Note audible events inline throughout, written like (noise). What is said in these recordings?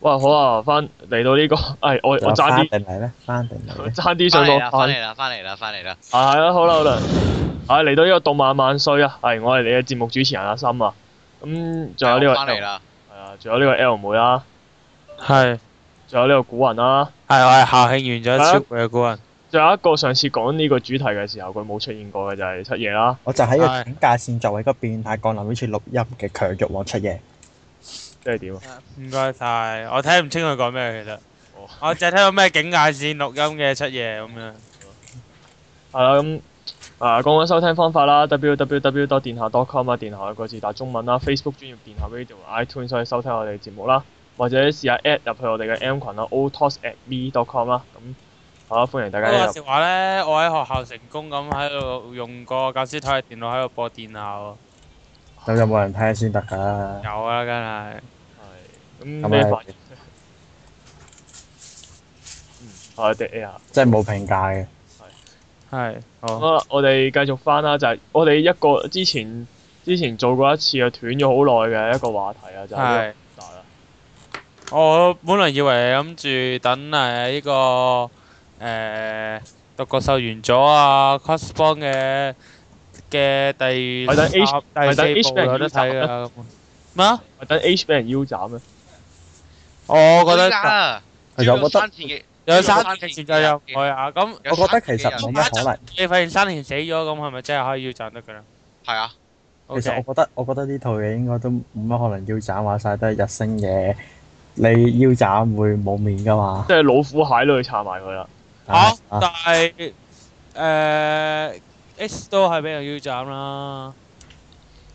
哇好啊，翻嚟到呢、這個，係、哎、我有我爭啲定嚟咧，爭啲上到翻嚟啦，翻嚟啦，翻嚟啦，係、哎、啊，好啦好啦，係嚟到呢個動漫萬歲啊，係我係你嘅節目主持人阿森啊，咁、嗯、仲有呢個係啊、哎，仲有呢個 L 妹啦，係，仲有呢個古雲啦，係，係夏慶完咗，係古雲，仲超、嗯、有一個上次講呢個主題嘅時候佢冇出現過嘅就係七夜啦，我就喺個界線做為一個變態降臨好似錄音嘅強慾王七夜。.即係點啊？唔該晒，我睇唔清佢講咩，其實、哦、我淨係聽到咩警戒綫錄音嘅出嘢咁樣。係啦、 (laughs) 啊，咁啊講下收聽方法啦，www 多電下 .com 啊，電下個字打中文啦，Facebook 專頁電下 radio，iTunes 可以收聽我哋嘅節目啦，或者試下 a t 入去我哋嘅 M 群啦，otos@me.com a t m 啦，咁好啦，歡迎大家入。講下笑話咧，我喺學校成功咁喺度用個教師台嘅電腦喺度播電下。咁有冇人聽先得噶？有啊，梗係。係。咁咩反應？我哋啊，即係冇評價嘅。係。係。好。我我哋繼續翻啦，就係我哋一個之前之前做過一次嘅斷咗好耐嘅一個話題啊，就係。得啦。我本來以為諗住等誒呢個誒獨角獸完咗啊，Crossbone 嘅。嘅第四部有得睇噶啦，咩啊？咪等 H 俾人腰斬咩？我覺得，其實我覺得有三，係啊咁。我覺得其實冇乜可能。你發現三年死咗，咁係咪真係可以腰斬得噶啦？係啊，其實我覺得，我覺得呢套嘢應該都冇乜可能腰斬，話晒都係日升嘢，你腰斬會冇面噶嘛？即係老虎蟹都要插埋佢啦。吓，但係誒。S 都係俾人腰斬啦。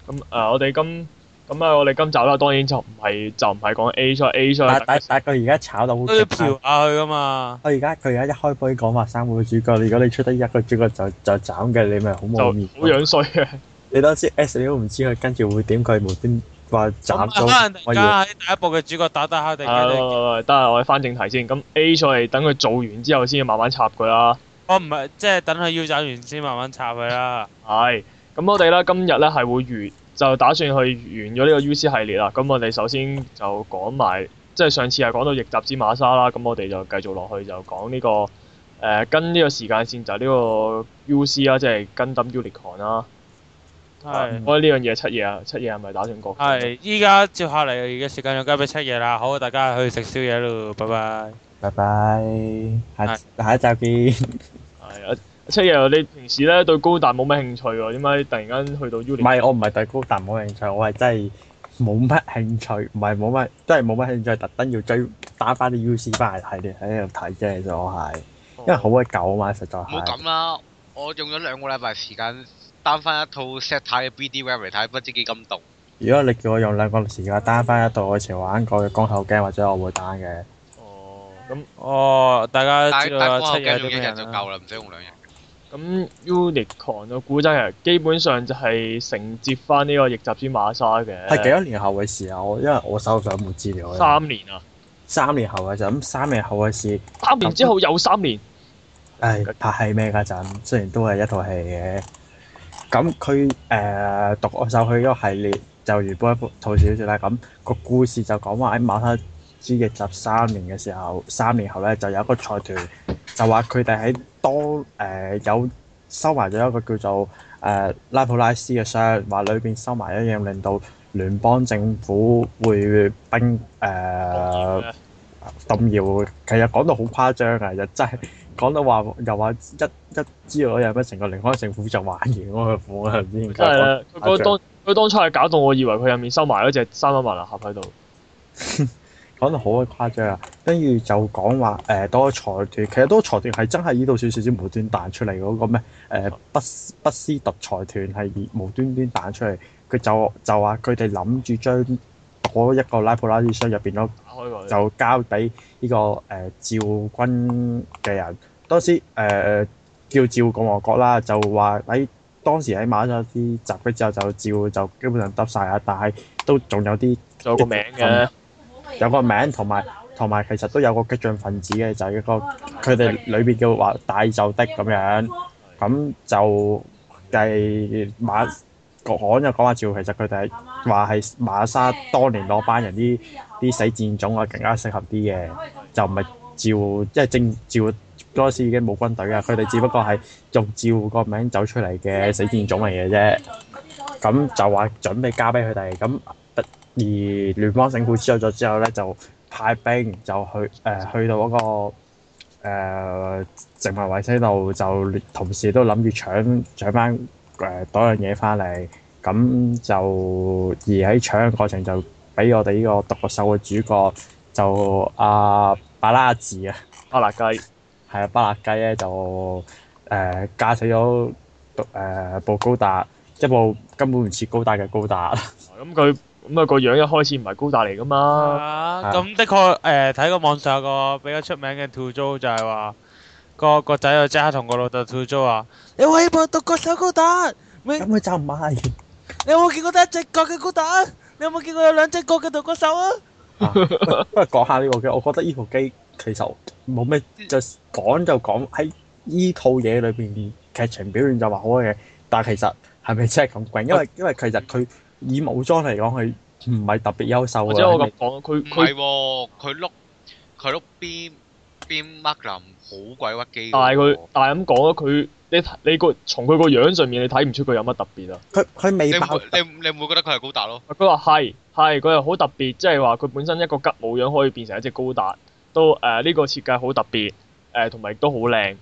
咁誒，我哋今咁啊，我哋今集啦，當然就唔係就唔係講 A 咗 A 咗。但但但佢而家炒到好。票。要調去噶嘛。佢而家佢而家一開波講話三個主角，如果你出得一個主角就就斬嘅，你咪好冇面。就好樣衰嘅。你都知 S，你都唔知佢跟住會點，佢無端話斬咗。第一部嘅主角打得下定。唔係唔係，得啦，我哋翻正題先。咁 A 咗係等佢做完之後先要慢慢插佢啦。我唔係，即係等佢 U 走完先，慢慢插佢啦。係，咁我哋咧今日咧係會完，就打算去完咗呢個 U C 系列啦。咁我哋首先就講埋，即係上次係講到逆襲之馬沙啦。咁我哋就繼續落去就講呢、這個，誒、呃、跟呢個時間線就呢個 U C 啦、啊，即係跟、啊《Gundam Unicorn 是》啦、啊。係。我呢樣嘢七夜啊，七夜係咪打算過？係，依家接下嚟嘅時間就交俾七夜啦。好，大家去食宵夜咯，拜拜。拜拜，下下一集見。係啊，七爺，你平時咧對高達冇乜興趣喎，點解突然間去到 U？唔係我唔係對高達冇興趣，我係真係冇乜興趣，唔係冇乜，真係冇乜興趣，特登要追單翻啲 U C 翻嚟睇，你，喺度睇啫。其實我係，因為好鬼舊啊嘛，實在。唔好咁啦，我用咗兩個禮拜時間單翻一套 s e 石態嘅 B D w r a 睇，不知幾感動。如果你叫我用兩個時間單翻一套我以前玩過嘅光口驚，或者我會單嘅。咁哦，大家知道七日啲咩就夠啦，唔使用兩日。咁 Unicorn 個古仔基本上就係承接翻呢個逆襲之馬莎嘅。係幾多年後嘅事啊？我因為我手上冇資料。三年啊！三年後嘅就咁，三年後嘅事。三年之後又三年。誒，拍戲咩家陣？雖然都係一套戲嘅。咁佢誒讀我手去一個系列，就如播一套小說啦。咁、個故事就講話喺馬莎。知嘅集三年嘅時候，三年後咧就有一個財團就話佢哋喺當誒有收埋咗一個叫做誒、呃、拉普拉斯嘅箱，話裏邊收埋一樣令到聯邦政府會冰誒動搖。其實講到好誇張啊！又真係講到話又話一一知道有咩，乜成個聯邦政府就玩完我嘅款啦！點解咧？佢當佢當初係搞到我，我以為佢入面收埋嗰隻三粒麻粒盒喺度。 (laughs) 講得好鬼誇張啊！跟住就講話誒、呃、多財團，其實多財團係真係呢度少少少無端彈出嚟嗰、那個咩誒、呃、不不思特財團係無端端彈出嚟。佢就就話佢哋諗住將嗰一個拉普拉斯箱入邊嗰就交俾呢、這個誒趙、呃、軍嘅人。當時誒、呃、叫趙共和國啦，就話喺當時喺馬薩啲襲擊之後就，就趙就基本上得晒啦，但係都仲有啲。仲有個名嘅。有個名同埋同埋，其實都有個激進分子嘅，就係、是、一個佢哋裏邊叫話大就的咁樣，咁就計馬講就講話照，其實佢哋係話係馬沙當年嗰班人啲啲死戰種啊，更加適合啲嘅，就唔係照，即係正照嗰時已經冇軍隊啊，佢哋只不過係用照個名走出嚟嘅死戰種嚟嘅啫，咁就話準備加畀佢哋咁。而聯邦政府知道咗之後咧，就派兵就去誒、呃、去到嗰、那個誒殖民衞星度，就同時都諗住搶搶翻誒嗰樣嘢翻嚟。咁、呃、就而喺搶嘅過程就畀我哋呢個獨角獸嘅主角就阿巴拉字啊，巴拉雞係啊，巴拉雞咧就誒駕駛咗獨部高達，一部根本唔似高達嘅高達。咁佢。咁啊，個樣一開始唔係高達嚟㗎嘛？咁、啊、的確，誒、呃，睇個網上有個比較出名嘅吐槽就係話，個個仔又即刻同個老豆吐槽啊！ (music) 你威唔威到獨角獸高達？咪咪就唔係？ (music) 你有冇見過得一隻角嘅高達？你有冇見過有兩隻角嘅獨角獸 (laughs) 啊？不如講下呢、這個機，我覺得呢部機其實冇咩， (music) 說就講就講喺呢套嘢裏邊，劇情表現就話好嘅，但係其實係咪真係咁勁？因為因為，因為其實佢。 (music) 以武裝嚟講，佢唔係特別優秀，即係我咁講，佢佢係佢碌佢碌邊邊，麥林好鬼屈機。但係佢但係咁講咗佢你你個從佢個樣上面，你睇唔出佢有乜特別啊？佢佢未爆你你會唔會覺得佢係高達咯？佢話係係佢係好特別，即係話佢本身一個吉姆樣可以變成一隻高達，都誒呢、呃這個設計好特別誒，同埋亦都好靚。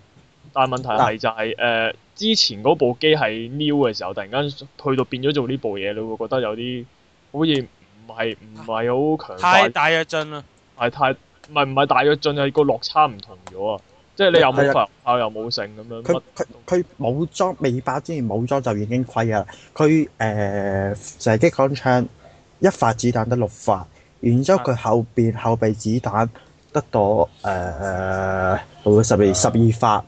但係問題係就係、是、誒。之前嗰部機係 new 嘅時候，突然間去到變咗做呢部嘢，你會覺得有啲好似唔係唔係好強。太大躍進啦，係太唔係唔係大躍進，係個落差唔同咗啊！即係你有有炮它又冇發又冇剩咁樣。佢佢佢武裝未爆之前武裝就已經虧啊！佢誒、呃、射擊機關槍一發子彈得六發，然之後佢後邊後備子彈得到。誒誒十二十二發。啊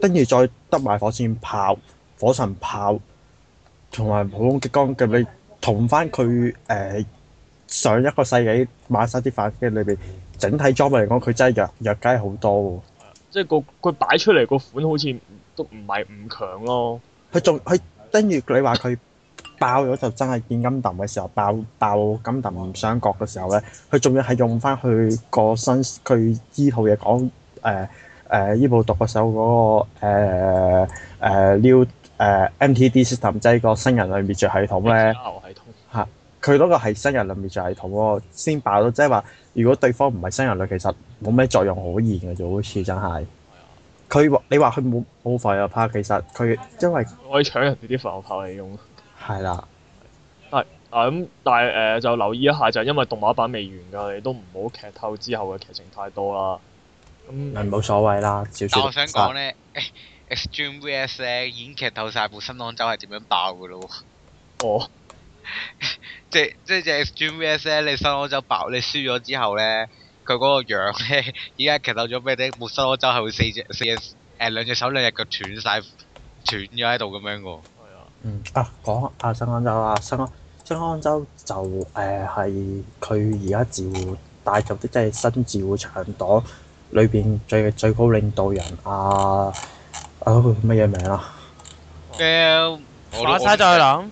跟住再得埋火箭炮、火神炮同埋普通激光嘅，你同翻佢誒上一個世紀馬沙啲反擊裏邊，整體裝備嚟講，佢真係弱弱雞好多喎。即係個佢擺出嚟個款好似都唔係唔強咯。佢仲佢跟住你話佢爆咗就真係見金盾嘅時候爆爆金盾雙角嘅時候咧，佢仲要係用翻佢個身佢依套嘢講誒。呃誒呢、呃、部獨角獸嗰個誒誒、呃、new、呃、誒、呃、MTD system 即係個新人類滅絕系統咧，系統嚇佢嗰個係新人類滅絕系統喎，先爆到即係話，如果對方唔係新人類，其實冇咩作用可言嘅，就好似真係。佢話你話佢冇冇浮游炮，其實佢因為我係搶人哋啲浮游炮嚟用。係啦 I know. 為。係嗱咁，但係誒、呃、就留意一下，就係、因為動畫版未完㗎，你都唔好劇透之後嘅劇情太多啦。咁冇所謂啦，嗯、我想講呢 Extreme VS、欸、已經劇透晒。部新安州係點樣爆嘅咯哦 (laughs) 即。即即即 Extreme VS 咧，你新安州爆，你輸咗之後呢，佢嗰個樣咧，依家劇透咗咩？你部新安州係會四隻四隻誒兩隻手兩隻腳斷晒，斷咗喺度咁樣喎。嗯啊，講下新啊新安州啊新安、就是呃就是、新安州就誒係佢而家召帶入啲即係新召長檔。裏邊最最高領導人啊，啊乜嘢名啊？叫馬沙再臨，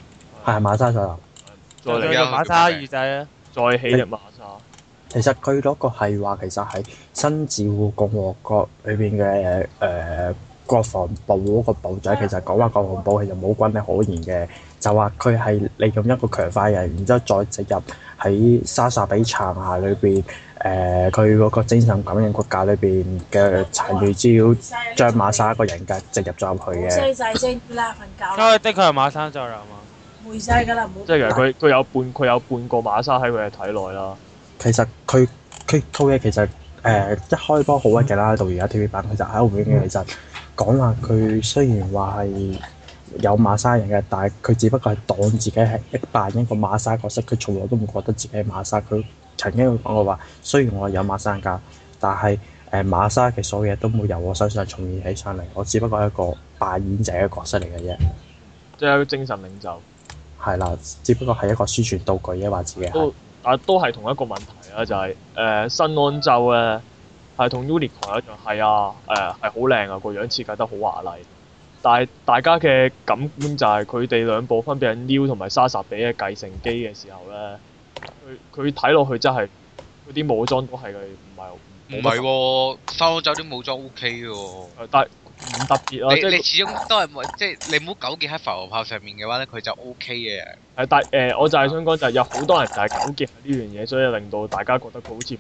係馬沙再臨。再嚟個馬沙二仔，再起隻馬沙。其實佢嗰個係話，其實係新自護共和國裏邊嘅誒國防部嗰個部長，其實講話國防部其實冇軍力可言嘅，就話佢係利用一個強化人，然之後再植入。喺莎莎比殘骸裏邊，誒佢嗰個精神感應骨架裏邊嘅殘餘資料，將馬莎一個人格植入咗入去嘅。冇聲曬聲啦，瞓覺。因為的確係馬莎就嚟啊嘛。攰曬㗎啦，冇。即係其實佢佢有半佢有半個馬莎喺佢嘅體內啦、呃。其實佢佢 T V 其實誒一開波好屈嘅啦，到而家 T V 版佢就喺後面嘅，其實講話佢雖然話。有馬沙人嘅，但係佢只不過係當自己係一扮一個馬沙角色，佢從來都唔覺得自己係馬沙。佢曾經講過話，雖然我係有馬沙㗎，但係誒馬沙嘅所有嘢都冇由我身上重現起上嚟，我只不過係一個扮演者嘅角色嚟嘅啫。即係精神領袖。係啦，只不過係一個宣傳道具啫，話自己。都啊，都係同一個問題啊，就係誒呃新安洲咧，係同 Unicorn 一樣，係啊，誒係好靚啊，個樣設計得好華麗。但係大家嘅感觀就係佢哋兩部分別係 New 同埋沙沙比嘅繼承機嘅時候咧，佢佢睇落去真係嗰啲武裝都係佢唔係唔係喎，沙沙比啲武裝 O K 嘅喎。但係唔特別啊。你你始終都係咪即係你唔好糾結喺浮炮上面嘅話咧，佢就 O K 嘅。係，但、呃、係我就係想講就係有好多人就係糾結呢樣嘢，所以令到大家覺得佢好似。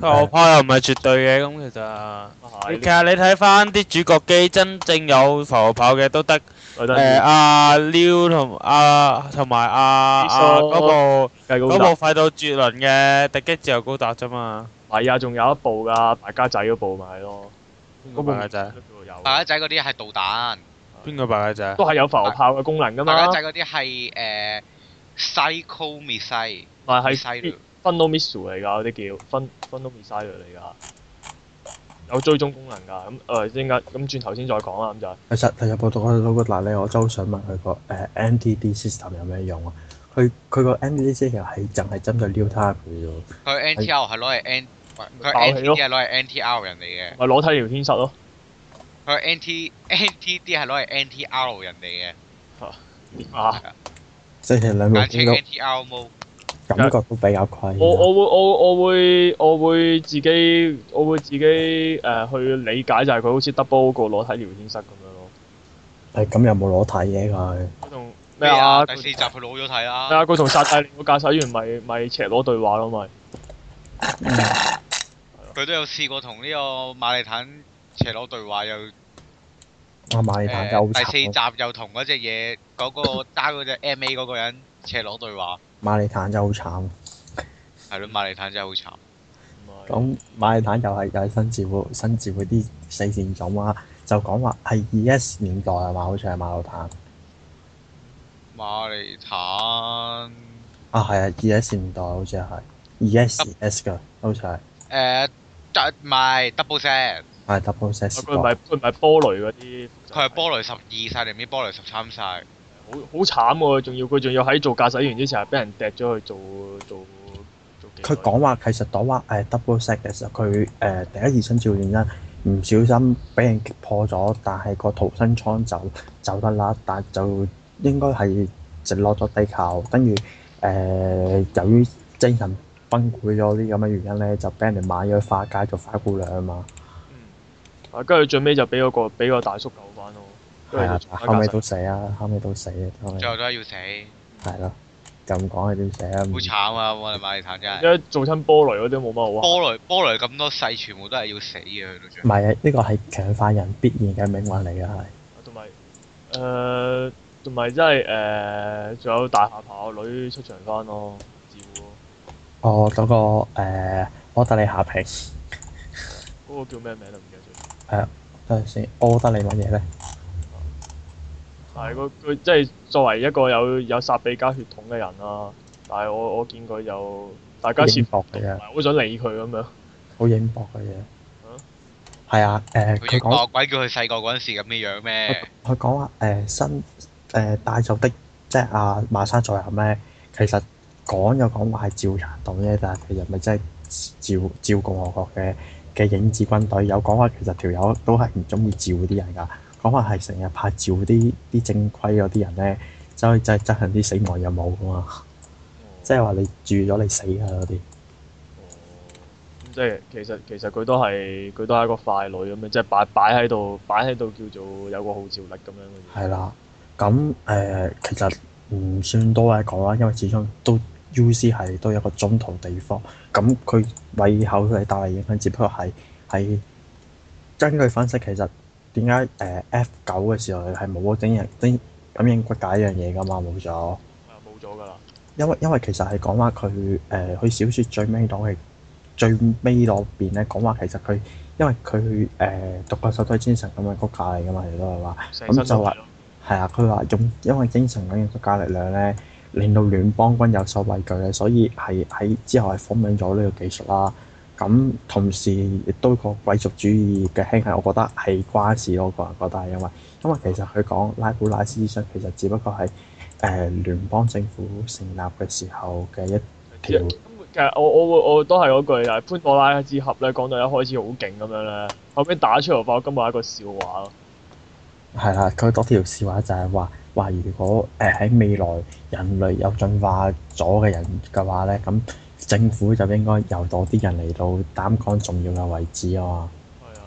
浮炮又唔係絕對嘅，咁其實， (music) 其實你睇翻啲主角機真正有浮炮嘅都得，誒阿是、呃啊、l i 同阿、啊、同埋阿嗰部嗰、啊啊、部快到絕倫嘅《特擊自由高達》啫嘛，係啊，仲有一部噶，敗家仔嗰部咪咯，敗家仔敗家仔嗰啲係導彈，邊個敗家仔？都係有浮炮嘅功能噶嘛，敗家仔嗰啲係誒 Psycommu 喺 p Fno missile 嚟噶，嗰啲叫，F Fno missile 嚟噶，有追蹤功能噶。咁誒應該咁轉頭先再講啦。咁就係。其實，其實我讀我讀到嗰達咧，我真係好想問佢個誒 NTD system 有咩用啊？佢佢個 NTD system 係淨係針對 New Type 嘅喎。佢 NTL 係攞嚟 NT，佢 NTD 係攞嚟 NTL 人哋嘅。咪裸體聊天室咯。佢 NT NTD 係攞嚟 NTL 人哋嘅。啊！即係兩個 NTL。感覺都比較虧。我我，我，我會我我會我會自己我會自己誒、呃、去理解就係佢好似 double 個裸體聊天室咁樣咯。誒、欸，咁有冇裸體嘅佢？佢同咩啊？啊，第四集佢裸咗體了啊！啊，佢同殺大個駕駛員咪咪赤裸對話咯，咪。佢都有試過同呢個馬利坦赤裸對話又。啊，馬利坦又、欸。第四集又同嗰隻嘢，嗰、那個加嗰隻 M A 嗰個人赤裸對話。馬利坦真係好慘，係咯，馬利坦真係好慘。咁馬利坦又係又係新字輩，新字輩啲死線種啊，就講話係二 S 年代啊嘛，好似係馬利坦。馬利坦啊，係啊，二 S 年代好似係二 S S 嘅，好似係。誒 D，得唔係 Double、set. S？係、哎、Double set, S 買。佢唔係唔係波雷嗰啲，佢係波雷十二世定唔知波雷十三世？是好好慘喎、啊，仲要佢仲要喺做駕駛員之前，俾人掟咗去做做佢講話其實朵娃誒 Double X 嘅時候，佢、呃、誒第一、二身跳原因唔小心俾人擊破咗，但係個逃生艙就走得甩，但就應該係直落咗地球，跟住誒由於精神崩潰咗啲咁嘅原因咧，就俾人哋買咗去花街做花姑娘啊嘛、嗯。啊，跟住最尾就俾嗰、那個俾個大叔救翻。係啊，後尾都死啊，後尾都死啊，後尾。最後都係要死。係咯了，咁講你點死啊？好慘啊！我哋馬里坦真因為做親波雷嗰啲冇乜好。波雷波雷咁多世，全部都係要死嘅。唔係啊？呢、這個係強化人必然嘅命運嚟嘅係。同埋誒，同埋即係誒，仲、呃有，就是呃、有大下跑女出場翻咯。哦，嗰、那個誒，奧、呃、德利下平，嗰個叫咩名都唔記得咗。係啊，等陣先，奧德利乜嘢咧？係個佢即係作為一個有有薩比家血統嘅人啦，啊，但係我我見佢又大家切薄嘅，好想理佢咁樣，好影薄嘅嘢。係啊，誒佢講我鬼叫佢細個嗰陣時咁嘅樣咩？佢講話誒新誒帶袖的即係阿、啊、馬生在下咩？其實講有講話係趙人黨啫，但係其實咪真係照趙共和國嘅嘅影子軍隊，有講話其實條友都係唔中意趙啲人噶。講話係成日拍照啲啲正規嗰啲人咧，走去制執行啲死亡任務㗎嘛，即係話你住咗你死㗎嗰啲。即係其實其實佢都係佢都係一個傀儡咁樣，即係擺擺喺度擺喺度叫做有個號召力咁樣。係啦，咁誒、呃、其實唔算多嘢講啦，因為始終都 U C 係都有個中途地方，咁佢胃口，佢係帶嚟影響，只不過係係根據分析其實。點解誒 F 九嘅時候係冇整樣整隱骨架一樣嘢㗎嘛？冇咗。冇咗㗎啦。因為因為其實係講話佢誒佢小説最尾攞係最尾攞邊咧，講話其實佢因為佢誒獨個手推精神咁樣骨架嚟㗎嘛，嚟講話，咁、嗯、就話係啊，佢話用因為精神咁樣骨架力量咧，令到聯邦軍有所畏懼咧，所以係喺之後係講明咗呢個技術啦。咁同時亦都個貴族主義嘅興起，我覺得係關事咯。個人覺得係因為因為其實佢講拉普拉斯思想其實只不過係誒、呃、聯邦政府成立嘅時候嘅一條其。其實我我會我都係嗰句，就係潘多拉之盒咧，講到一開始好勁咁樣咧，後尾打出嚟發覺今日係一個笑話咯。係啦，佢嗰條笑話就係話話，如果誒喺、呃、未來人類有進化咗嘅人嘅話咧，咁。政府就應該由多啲人嚟到擔當重要嘅位置啊！嘛係嘅。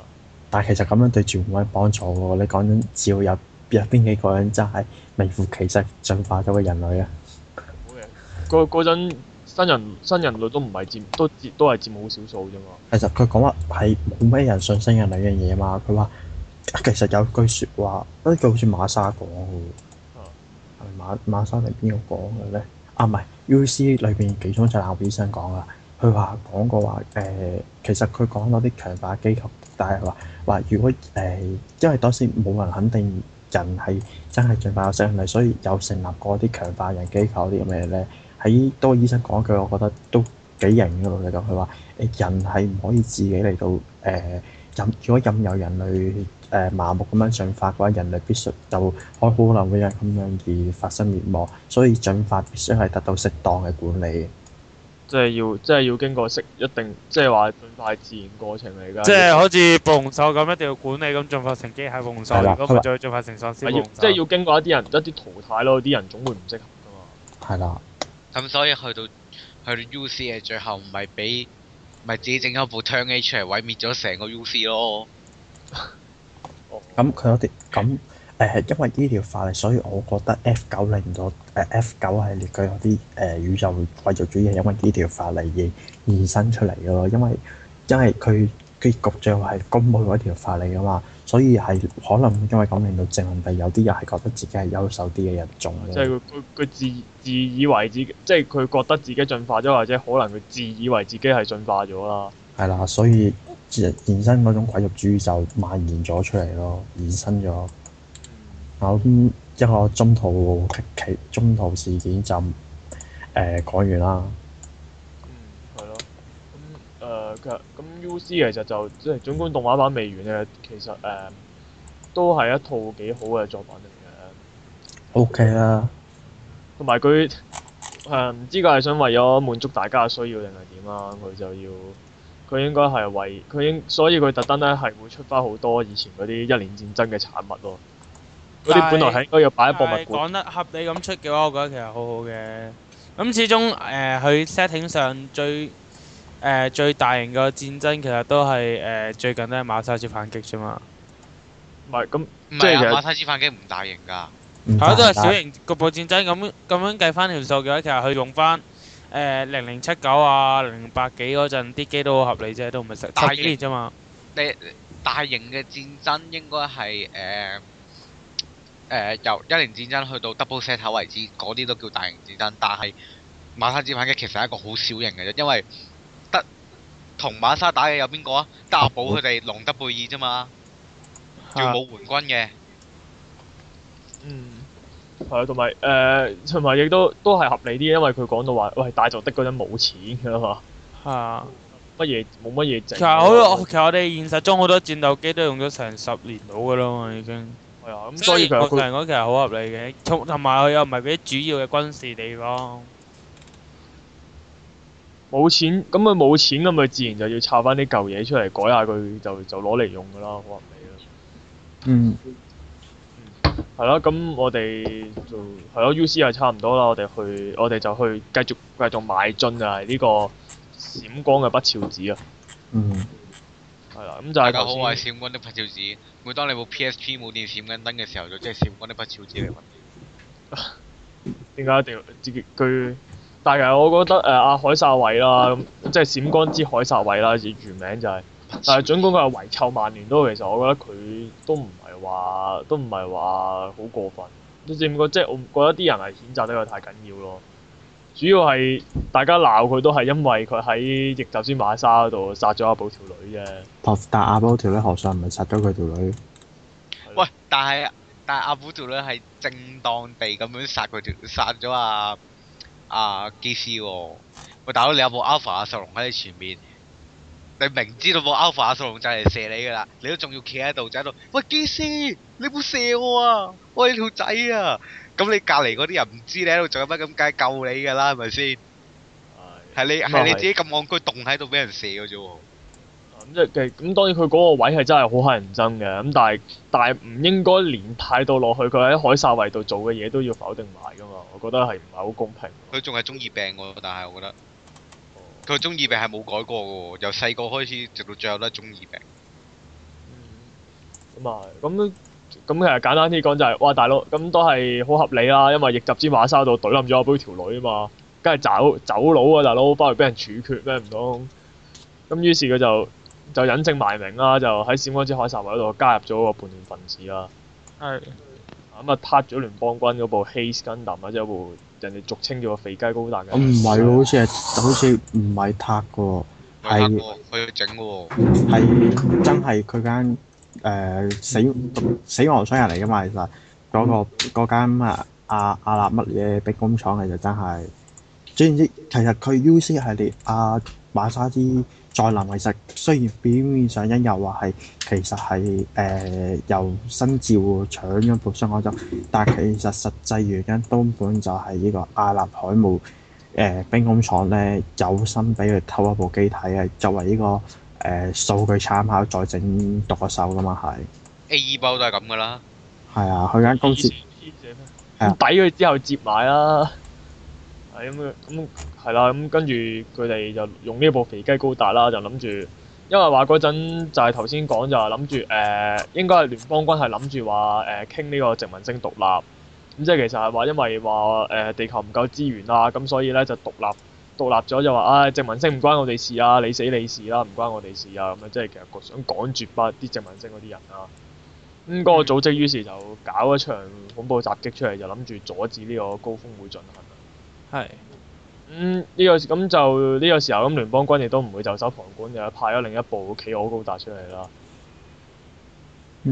但係其實咁樣對全個冇幫助喎。你講緊只要有有邊幾個人真係名副其實進化咗嘅人類啊！好嘅，嗰嗰陣新人新人類都唔係佔都都係佔好少數啫嘛。其實佢講話係冇咩人信新人類嘅嘢嘛。佢話其實有句説話，呢句好似馬沙講嘅喎。啊，係馬馬沙係邊個講嘅咧？啊，唔係。U.C. 裏邊其中就係我醫生講啦，佢話講過話誒、呃，其實佢講到啲強化機構，但係話話如果誒、呃，因為當時冇人肯定人係真係進化到上嚟，所以有成立過啲強化人機構啲咁嘅嘢咧。喺多醫生講句，我覺得都幾型嘅喎嚟講，佢話誒人係唔可以自己嚟到誒任、呃，如果任由人類。誒、呃、麻木咁樣進化嘅話，人類必須就好可能會因為咁樣而發生滅亡，所以進化必須係達到適當嘅管理。即係要，即係要經過適一定，即係話進化係自然過程嚟噶。即係好似暴龍獸咁，一定要管理咁進化成機械暴龍獸。咁咪吧再進化成喪屍暴龍獸。即係要經過一啲人一啲淘汰咯，啲人總會唔適合噶嘛？係啦吧。咁所以去到去到 U C 嘅最後，唔係俾唔係自己整一部 Turn A 出嚟毀滅咗成個 U C 咯。 (laughs) 咁佢、嗯、有啲咁誒，因為呢條法例，所以我覺得 F 九零個誒 F 九系列佢有啲誒、呃、宇宙貴族主義因，因為呢條法例而延伸出嚟嘅咯。因為因為佢結局最後係公布嗰條法例啊嘛，所以係可能因為咁令到殖民地有啲人係覺得自己係優秀啲嘅人種。即係佢佢自自以為自己，即係佢覺得自己進化咗，或者可能佢自以為自己係進化咗啦。係啦，所以。延身嗰種鬼畜主義就蔓延咗出嚟咯，延伸咗。嗱、嗯，咁一個中途奇奇中途事件就誒、呃、講完啦、嗯。嗯，係、呃、咯。咁誒其實咁 U C 其實就即係總觀動畫版未完嘅，其實誒、呃、都係一套幾好嘅作品嚟嘅。O K 啦。同埋佢誒唔知佢係想為咗滿足大家嘅需要定係點啦，佢就要。佢應該係為佢應，所以佢特登咧係會出翻好多以前嗰啲一年戰爭嘅產物咯。嗰啲本來係應該要擺喺博物館。講得合理咁出嘅話，我覺得其實好好嘅。咁始終誒，佢 setting 上最誒最大型嘅戰爭其實都係誒最近咧馬沙之反擊啫嘛。唔係咁，即係馬沙之反擊唔大型㗎。係咯，都係小型局部戰爭咁，咁樣計翻條數嘅話，其實佢用翻。誒，零零七九啊，零零八幾嗰陣啲機都好合理啫，都唔係成七年啫嘛。你大型嘅戰爭應該係誒誒由一年戰爭去到 Double Zeta 為止，嗰啲都叫大型戰爭。但係馬莎之反擊其實係一個好小型嘅，因為得同馬莎打嘅有邊個啊？得阿寶佢哋龍德貝爾啫嘛，叫冇援軍嘅、啊。嗯。係啊，同埋誒，同埋亦都都係合理啲，因為佢講到話，喂，大作的嗰陣冇錢噶嘛，係啊，乜嘢冇乜嘢整。其實好，其實我哋現實中好多戰鬥機都用咗成十年到噶啦，已經係啊，咁、嗯、所以，所以我哋嗰其實好合理嘅，同埋佢又唔係啲主要嘅軍事地方。冇錢，咁佢冇錢，咁佢自然就要拆翻啲舊嘢出嚟改下佢，就就攞嚟用噶啦，好合理咯。嗯。係咯，咁我哋就係咯，U C 係差唔多啦。我哋去，我哋就去繼續繼續買進就係呢個閃光嘅筆超子啊。嗯、mm。係、hmm，啦，咁就係。大家好，我係閃光的筆超子。每當你部 P S P 冇電閃緊燈嘅時候，就即係閃光的筆超子嚟揾。點解一定要？自己佢，但係我覺得誒阿、呃、海薩維啦，即係閃光之海薩維啦，原名就係、是。但係儘管佢係遺臭萬年都，其實我覺得佢都唔。話都唔係話好過分，都係唔講，即係我覺得啲人係譴責得佢太緊要咯。主要係大家鬧佢都係因為佢喺逆襲之馬沙嗰度殺咗阿寶條女啫。但，但阿寶條女何嘗唔係殺咗佢條女？喂，但係但係阿寶條女係正當地咁樣殺佢條殺咗阿阿基斯喎。喂，大佬，你有冇 Alpha 阿壽龍喺你前面？你明知道冇 Alpha 阿蘇龍仔嚟射你噶啦，你都仲要企喺度就喺度，喂 Gis，你冇射我啊，喂，條仔啊！咁你隔離嗰啲人唔知你喺度做乜，咁梗係救你噶啦，係咪先？係你係你自己咁戇居動喺度俾人射嘅啫喎。咁即係咁，當然佢嗰個位係真係好乞人憎嘅。咁但係但係唔應該連態度落去，佢喺海沙位度做嘅嘢都要否定埋噶嘛？我覺得係唔係好公平。佢仲係中意病我，但係我覺得。佢中二病係冇改過嘅，由細個開始直到最後都係中二病。咁啊、嗯，咁咁其實簡單啲講就係、是，哇，大佬咁都係好合理啦，因為逆襲之馬沙度懟冧咗阿杯條女啊嘛，梗係走走佬啊，大佬，翻嚟俾人處決咩唔通？咁於是佢就就隱姓埋名啦，就喺閃光之哈薩維度加入咗個叛亂分子啦。係、哎。咁啊、嗯嗯，拍咗聯邦軍嗰部《Haste Gundam》啊，即係部。人哋俗稱叫肥雞高達嘅。唔係喎，好似係，好似唔係塔嘅喎，係佢要整嘅喎。係真係佢間誒死死亡商人嚟嘅嘛，其實嗰嗰間啊阿阿、啊、立乜嘢逼工廠，其實真係，總言之，其實佢 U.C. 系列啊，馬沙之。再臨為實，雖然表面上因又話係，其實係誒、呃、由新照搶咗部新開走，但係其實實際原因根本就係、呃、呢個阿納海姆誒兵工廠咧，有心俾佢偷一部機體嘅，作為呢、這個誒、呃、數據參考再整剁手噶嘛係。A 包都係咁噶啦。係啊，佢間公司。係抵佢之後接埋啦、啊。係咁咁。啊。係啦，咁跟住佢哋就用呢部肥雞高達啦，就諗住，因為話嗰陣就係頭先講就係諗住誒，應該係聯邦軍係諗住話誒傾呢個殖民星獨立，咁、嗯、即係其實係話因為話誒、呃、地球唔夠資源啊，咁所以咧就獨立，獨立咗就話唉、哎、殖民星唔關我哋事啊，你死你事啦、啊，唔關我哋事啊，咁啊即係其實想趕絕返啲殖民星嗰啲人啊，咁、嗯、嗰、這個組織於是就搞一場恐怖襲擊出嚟，就諗住阻止呢個高峰會進行。係。 (noise) (noise) 嗯，呢、這個咁就呢、這個時候，咁聯邦軍亦都唔會袖手旁觀，又派咗另一部企鵝高達出嚟啦。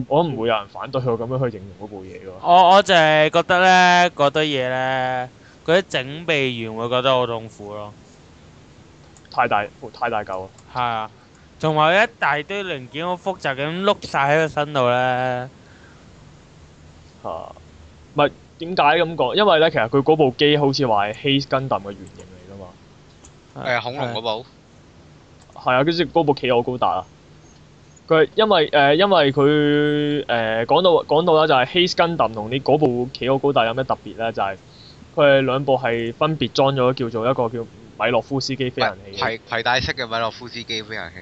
我唔會有人反對佢咁樣去形容嗰部嘢噶。我我就係覺得咧，嗰堆嘢咧，嗰啲整備員，會覺得好痛苦咯。太大，太大嚿。係啊，仲有一大堆零件好複雜咁碌晒喺個身度咧。吓、啊，咪。點解咁講？因為咧，其實佢嗰部機好似話係 Haste Gundam 嘅原型嚟噶嘛。誒、嗯，是恐龍嗰部。係啊，跟住嗰部企鵝高達啊。佢因為誒，因為佢誒、呃呃、講到講到啦，就係 Haste Gundam 同你嗰部企鵝高達有咩特別咧？就係佢係兩部係分別裝咗叫做一個叫米洛夫斯基飛行器。攜攜帶式嘅米洛夫斯基飛行器。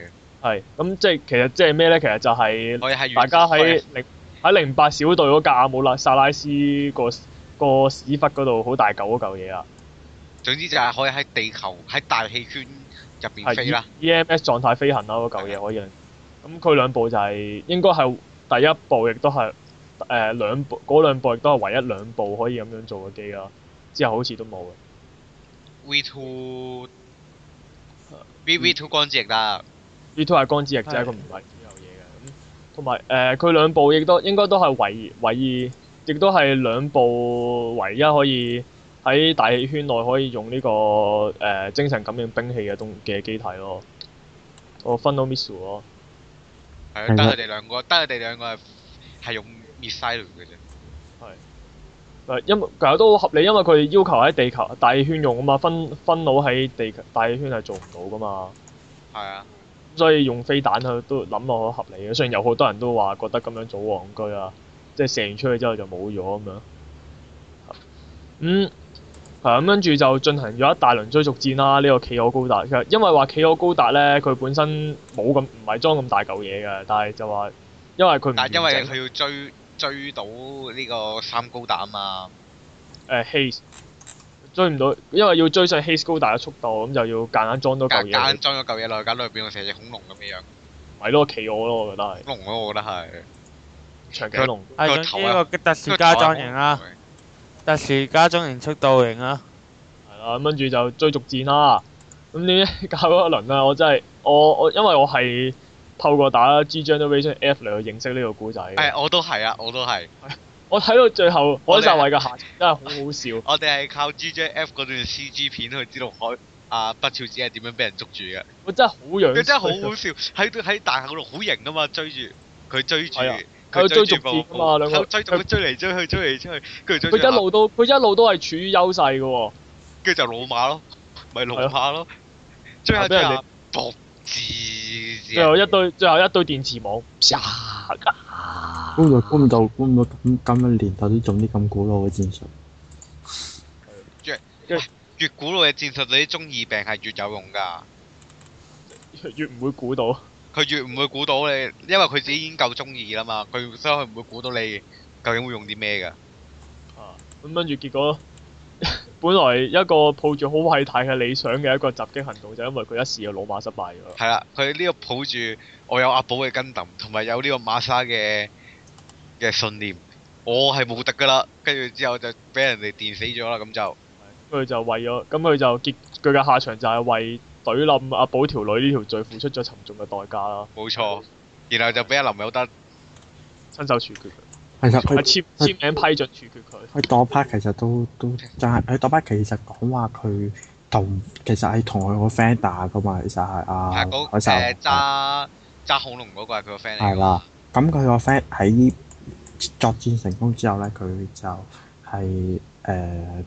係，咁即係其實即係咩咧？其實就係、是、大家喺零喺零八小隊嗰架阿姆拉薩拉，拉斯、那個。個屎忽嗰度好大嚿嗰嚿嘢啊！總之就係可以喺地球喺大氣圈入邊飛啦。E.M.S. 狀態飛行啦，嗰嚿嘢可以。咁佢的、嗯、兩部就係、是、應該係第一部，亦都係誒兩部。嗰兩部亦都係唯一兩部可以咁樣做嘅機啦。之後好似都冇嘅、嗯。V two V V two 光之翼啦。V two 係光之翼，即係一個唔係。同埋誒，佢、呃、兩部亦都應該都係唯唯亦都係兩部唯一可以喺大氣圈內可以用呢、這個誒、呃、精神感染兵器嘅東嘅機體咯。我、哦、分到 miss 咯。係啊、嗯，得佢哋兩個，得佢哋兩個係係用 missile 嘅啫。係。因為其實都好合理，因為佢哋要求喺地球大氣圈用啊嘛，分分到喺地球大氣圈係做唔到噶嘛。係啊。所以用飛彈都諗落好合理嘅，雖然有好多人都話覺得咁樣做戇居啊。即係射完出去之後就冇咗咁樣，咁啊咁跟住就進行咗一大輪追逐戰啦。呢個企鵝高達，因為話企鵝高達咧，佢本身冇咁唔係裝咁大嚿嘢嘅，但係就話因為佢但因為佢要追追到呢個三高達啊嘛，誒 Haze 追唔到，因為要追上 Haze 高達嘅速度，咁就要間間裝多嚿嘢，間間裝咗嚿嘢落去，搞到變到成隻恐龍咁嘅樣，咪咯企鵝咯，我覺得係，龍咯，我覺得係。長頸龍係，總之、啊、個特殊加裝型啊，特殊加裝型速度型啊，係啦，咁跟住就追逐戰啦。咁點解後嗰一輪咧、啊？我真係我我因為我係透過打 G《G Generation F》嚟去認識呢個古仔。誒、哎，我都係啊，我都係。 (laughs) 我睇到最後海殺衛嘅下場真係好好笑。 (laughs) 我哋係靠 GJF 嗰段 C G 片去知道海啊，啊北朝子係點樣俾人捉住嘅。我真係好，佢真係好好笑，喺喺 (laughs) 大廈嗰度好型啊嘛，追住佢追住。佢追逐節嘛，兩個追追嚟追去，追嚟追去，跟住追。佢一路都佢一路都係處於優勢嘅喎、啊，跟住就老馬咯，咪老馬咯，最後俾人獨自，最後一堆最後一堆電磁網，啪！今日就會唔會咁咁一年頭都中啲咁古老嘅戰術？越越古老嘅戰術，你啲中二病係越有用㗎，越唔會估到。佢越唔會估到你，因為佢自己已經夠中意啦嘛。佢所以唔會估到你究竟會用啲咩噶。咁跟住結果本來一個抱住好偉大嘅理想嘅一個襲擊行動，就因為佢一試嘅老馬失敗咗。係啦，佢呢個抱住我有阿寶嘅 Gundam，同埋有呢個馬沙嘅嘅信念，我係冇得噶啦。跟住之後就俾人哋電死咗啦。咁就佢就為咗，咁佢就結佢嘅下場就係為。懟冧阿寶條女呢條罪付出咗沉重嘅代價啦，冇錯，然後就俾阿林友德親手處決佢，其實佢簽簽名批准處決佢。佢當 part 其實都都，但係佢當 part 其實講話佢同其實係同佢個 friend 打噶嘛，其實係啊，海獸啊，揸揸恐龍嗰個係佢個 friend 係啦。咁佢個 friend 喺作戰成功之後咧，佢就係誒